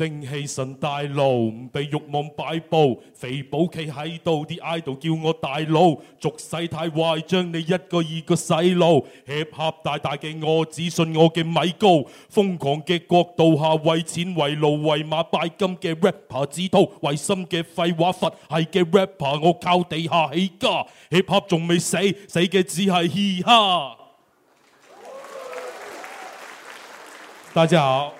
精氣神大佬，唔被欲望擺佈，肥寶企喺度，啲 idol 叫我大佬，俗世太壞，將你一個二個洗腦，Hip Hop 大大嘅我，只信我嘅米高，瘋狂嘅國度下，為錢為奴、為馬，拜金嘅 rapper 子徒，唯心嘅廢話，佛系嘅 rapper，我靠地下起家，Hip Hop 仲未死，死嘅只係嘻哈。大家好。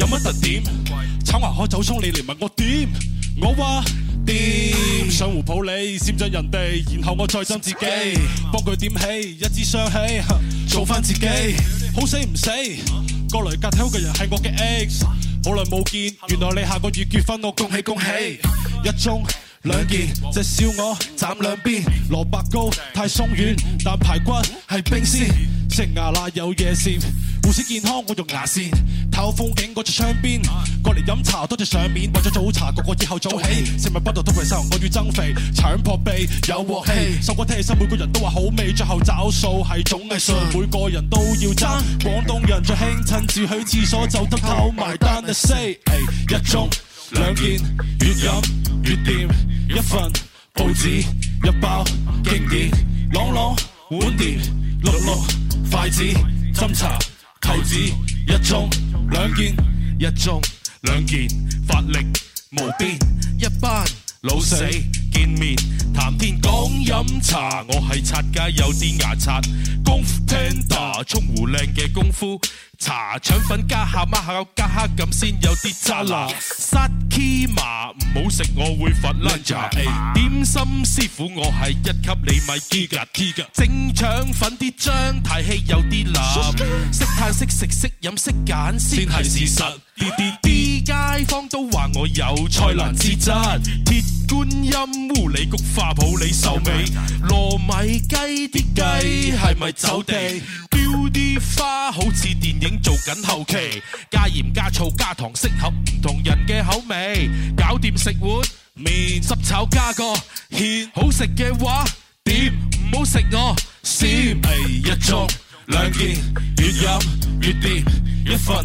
有乜特點？炒牙開酒盅，你嚟問我點？我話掂上胡普，你佔咗人哋，然後我再佔自己。幫佢點起，一支雙起，做翻自己，好死唔死？過嚟隔天嘅人係我嘅 ex，好耐冇見，原來你下個月結婚我，我恭喜恭喜，一盅兩件，隻燒鵝斬兩邊，蘿蔔糕太鬆軟，但排骨係冰鮮，食牙罅有夜線。護士健康我用牙線，透風景我坐窗邊，過嚟飲茶多謝上面。為咗早茶個個以後早起，食物不度都肥瘦，我要增肥，強破鼻，有鑊氣。首歌聽起身每個人都話好味，最後找數係種藝術，每個人都要爭。廣東人最興趁住去廁所就得偷埋單的 say。t h 一盅兩件，越飲越掂。越一份報紙，一包經典，朗朗碗點碟,碟,碟,碟，碌碌,碌,碌,碌,碌,碌,碌筷子，斟茶扣子，一盅兩件，一盅兩件，法力無邊，一班老死。見面談天講飲茶，我係擦街有啲牙擦功夫 Panda 沖壺靚嘅功夫茶，腸粉加下嗎？鹹口加黑咁先有啲渣啦。沙琪瑪唔好食，我會發爛茶。點心師傅我係一級，你咪知㗎知㗎。整腸粉啲醬太稀，有啲腍。識嘆識食識飲識揀先係事實。 西方都話我有菜蘭之質，鐵觀音、烏李、菊花、普洱壽眉、糯米雞啲雞係咪走地？雕啲花好似電影做緊後期，加鹽加醋加醋加糖，適合唔同人嘅口味。搞掂食碗麵，濕炒加個芡，好食嘅話點唔好食我先。一日一盅兩件，越飲越掂，一份。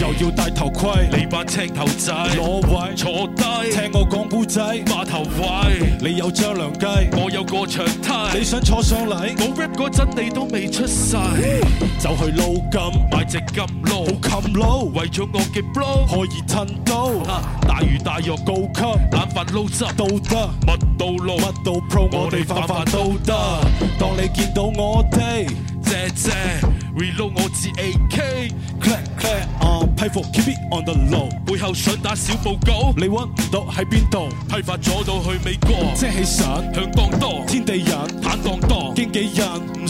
又要戴頭盔，你班青頭仔攞位坐低，聽我講古仔。碼頭位，你有張良雞，我有個長梯。你想坐上嚟，我 rap 嗰陣你都未出世。就去撈金買隻金勞，冇冚佬，為咗我嘅 blow 可以吞刀。大魚大肉高級，冷飯撈汁都得，乜都撈，乜都 pro，我哋範範都得。當你見到我哋，謝謝 reload 我自 AK。批貨 keep it on the low，背後想打小報告，你揾唔到喺邊度？批發咗到去美國，精氣神，響當當，天地人坦蕩蕩，經紀人。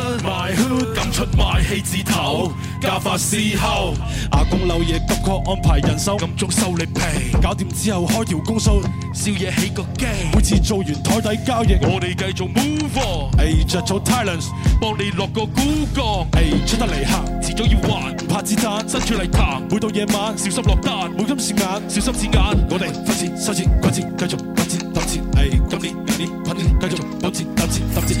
賣 hood 敏出埋氣字頭，加法伺候。阿公漏夜急確安排人手，暗中收你皮。搞掂之後開條公數，宵夜起個 game。每次做完台底交易，我哋繼續 move on。A 做做 talents，幫你落個股個。A 出得嚟行，遲早要還，唔怕子彈，伸出嚟彈。每到夜晚小心落單，冇金是眼，小心是眼。我哋發錢收錢滾錢，繼續滾錢揼錢。係咁啲係啲揼啲，繼續滾錢揼錢揼錢。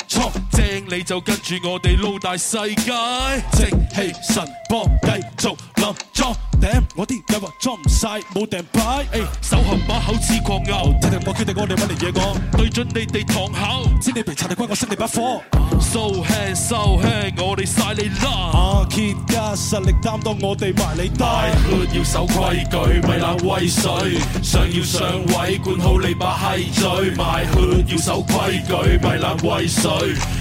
就跟住我哋撈大世界，精氣神波繼續裝，頂我啲計劃裝唔曬，冇訂牌。手含把口似狂牛，聽定我決定，我哋揾嚟嘢講，對準你哋堂口，先你皮擦你關我先你把火。So hang so hang，我哋曬你啦。Ah，Killa，實力擔當我哋埋你低。Hood 要守規矩，咪懶威水。想要上位，管好你把閪嘴。My hood 要守規矩，咪懶威水。